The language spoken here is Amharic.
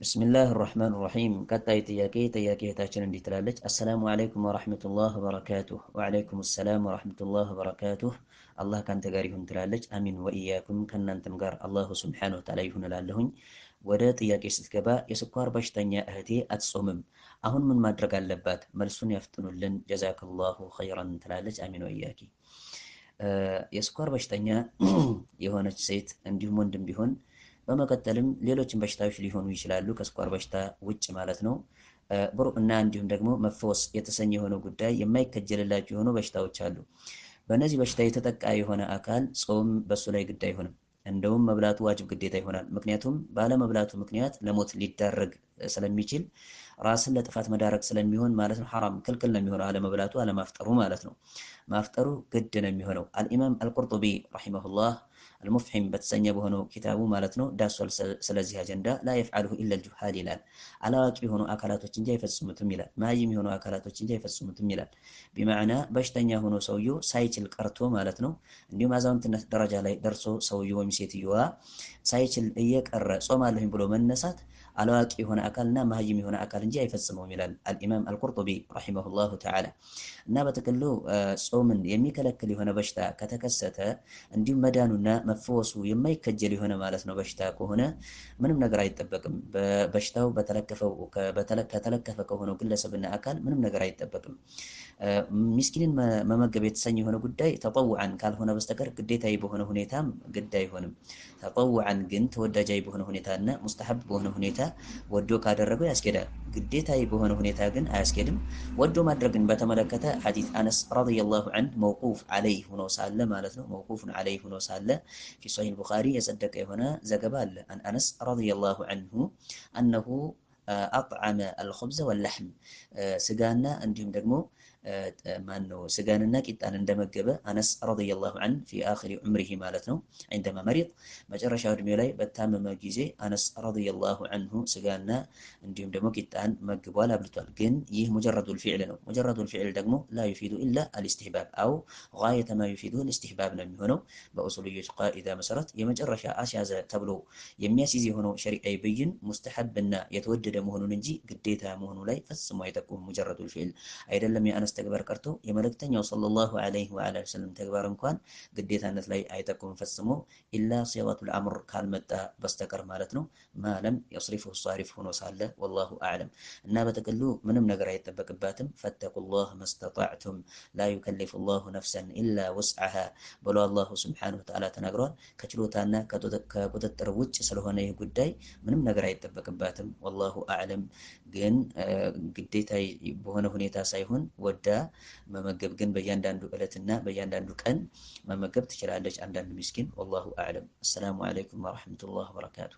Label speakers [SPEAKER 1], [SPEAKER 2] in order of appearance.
[SPEAKER 1] ብስሚላህ ራህማን ራሒም ቀጣይ ጥያቄ ጥያቄታችን እንዲህ ትላለች። አሰላሙ ዓለይኩም ወራህመቱላህ ወበረካቱህ። ወአለይኩም ሰላም ወራህመቱላህ ወበረካቱህ። አላህ ካንተ ጋር ይሁን ትላለች። አሚን ወኢያኩም፣ ከእናንተም ጋር አላሁ ስብሓነሁ ወተዓላ ይሁን እላለሁኝ። ወደ ጥያቄ ስትገባ የስኳር በሽተኛ እህቴ አትጾምም፣ አሁን ምን ማድረግ አለባት? መልሱን ያፍጥኑልን ጀዛከላሁ ኸይረን ትላለች። አሚን ወኢያኪ። የስኳር በሽተኛ የሆነች ሴት እንዲሁም ወንድም ቢሆን በመቀጠልም ሌሎችን በሽታዎች ሊሆኑ ይችላሉ ከስኳር በሽታ ውጭ ማለት ነው። እና እንዲሁም ደግሞ መፈወስ የተሰኘ የሆነ ጉዳይ የማይከጀልላቸው የሆኑ በሽታዎች አሉ። በእነዚህ በሽታ የተጠቃ የሆነ አካል ጾም በእሱ ላይ ግድ አይሆንም። እንደውም መብላቱ ዋጅብ ግዴታ ይሆናል። ምክንያቱም ባለመብላቱ ምክንያት ለሞት ሊዳረግ ስለሚችል ራስን ለጥፋት መዳረግ ስለሚሆን ማለት ነው። ሐራም ክልክል ነው የሚሆነው አለመብላቱ አለማፍጠሩ ማለት ነው። ማፍጠሩ ግድ ነው የሚሆነው። አልኢማም አልቁርጡቢ ረሂመሁላህ አልሙፍሒም በተሰኘ በሆነው ኪታቡ ማለት ነው ዳሷል። ስለዚህ አጀንዳ ላ የፍዓልሁ ኢላ ልጁሃድ ይላል። አላዋቂ የሆኑ አካላቶች እንጂ አይፈጽሙትም ይላል። መሀይም የሆኑ አካላቶች እንጂ አይፈጽሙትም ይላል። ቢማዕና በሽተኛ ሆኖ ሰውየው ሳይችል ቀርቶ ማለት ነው። እንዲሁም አዛውንትነት ደረጃ ላይ ደርሶ ሰውየው ወይም ሴትየዋ ሳይችል እየቀረ ጾማለሁኝ ብሎ መነሳት አላዋቂ የሆነ እና መሀይም የሆነ አካል እንጂ አይፈጽመውም ይላል አልኢማም አልቁርጡቢ ረሂመሁላሁ ተዓላ። እና በጥቅሉ ጾምን የሚከለክል የሆነ በሽታ ከተከሰተ እንዲሁም መዳኑና መፈወሱ የማይከጀል የሆነ ማለት ነው በሽታ ከሆነ ምንም ነገር አይጠበቅም። በሽታው ከተለከፈ ከሆነው ግለሰብና አካል ምንም ነገር አይጠበቅም። ሚስኪንን መመገብ የተሰኘ የሆነ ጉዳይ ተጠውዐን ካልሆነ በስተቀር ግዴታዊ በሆነ ሁኔታም ግድ አይሆንም። ተጠዋዓን ግን ተወዳጃዊ በሆነ ሁኔታና ሙስተሐብ በሆነ ሁኔታ ወዶ ካደረገው ያስኬዳል። ግዴታዊ በሆነ ሁኔታ ግን አያስኬድም። ወዶ ማድረግን በተመለከተ ሐዲት አነስ ረዲየላሁ ዐንሁ መውቁፍ ዐለይህ ሆኖ ሳለ ማለት ነው። መውቁፍን ዐለይህ ሆኖ ሳለ ፊ ሶሒህ አልቡኻሪ የጸደቀ የሆነ ዘገባ አለ። አን አነስ ረዲየላሁ ዐንሁ አነሁ አጥዐመ አልኹብዘ ወላሕም ስጋና እንዲሁም ደግሞ ማን ስጋንና ቂጣን እንደመገበ አነስ ረዲየላሁ አን ፊ አኺሪ ዑምሪሂ ማለት ነው ዐንደማ መሪጥ መጨረሻ እድሜው ላይ በታመመ ጊዜ አነስ ረዲየላሁ አንሁ ስጋና እንዲሁም ደግሞ ቂጣን መግቧል፣ አብልቷል። ግን ይህ ሙጀረዱል ፊዕል ነው። ሙጀረዱል ፊዕል ደግሞ ላ ዩፊዱ ኢላ አልስትሕባብ አው ጋየተማ ዩፊዱ ልስትሕባብ ነው የሚሆነው በኡሱልዮች ቃኢዳ መሰረት የመጨረሻ አስያዘ ተብሎ የሚያስይዝ የሆነው ሸሪዓዊ ብይን ሙስተሐብና የተወደደ መሆኑን እንጂ ግዴታ መሆኑ ላይ ፈጽሞ አይጠቁም። ሙጀረዱል ፊዕል አይደለም የአነስ መስተግበር ቀርቶ የመልእክተኛው ሰለላሁ ዐለይሂ ወዐላ ወሰለም ተግባር እንኳን ግዴታነት ላይ አይጠቁም ፈጽሞ ኢላ ሲጋቱል አምር ካልመጣ በስተቀር ማለት ነው። ማለም የስሪፉ ሳሪፍ ሆኖ ሳለ ወላሁ አዕለም። እና በጥቅሉ ምንም ነገር አይጠበቅባትም። ፈተቁላህ መስተጣዕቱም ላ ዩከሊፉላሁ ነፍሰን ኢላ ውስዐሃ ብሎ አላሁ ስብሓነሁ ወተዓላ ተናግሯል። ከችሎታና ከቁጥጥር ውጭ ስለሆነ ይህ ጉዳይ ምንም ነገር አይጠበቅባትም። ወላሁ አዕለም ግን ግዴታ በሆነ ሁኔታ ሳይሆን ወደ ሲረዳ መመገብ ግን በእያንዳንዱ ዕለትና በእያንዳንዱ ቀን መመገብ ትችላለች አንዳንድ ምስኪን። ወላሁ አዕለም። አሰላሙ አለይኩም ወረሕመቱላህ ወበረካቱ።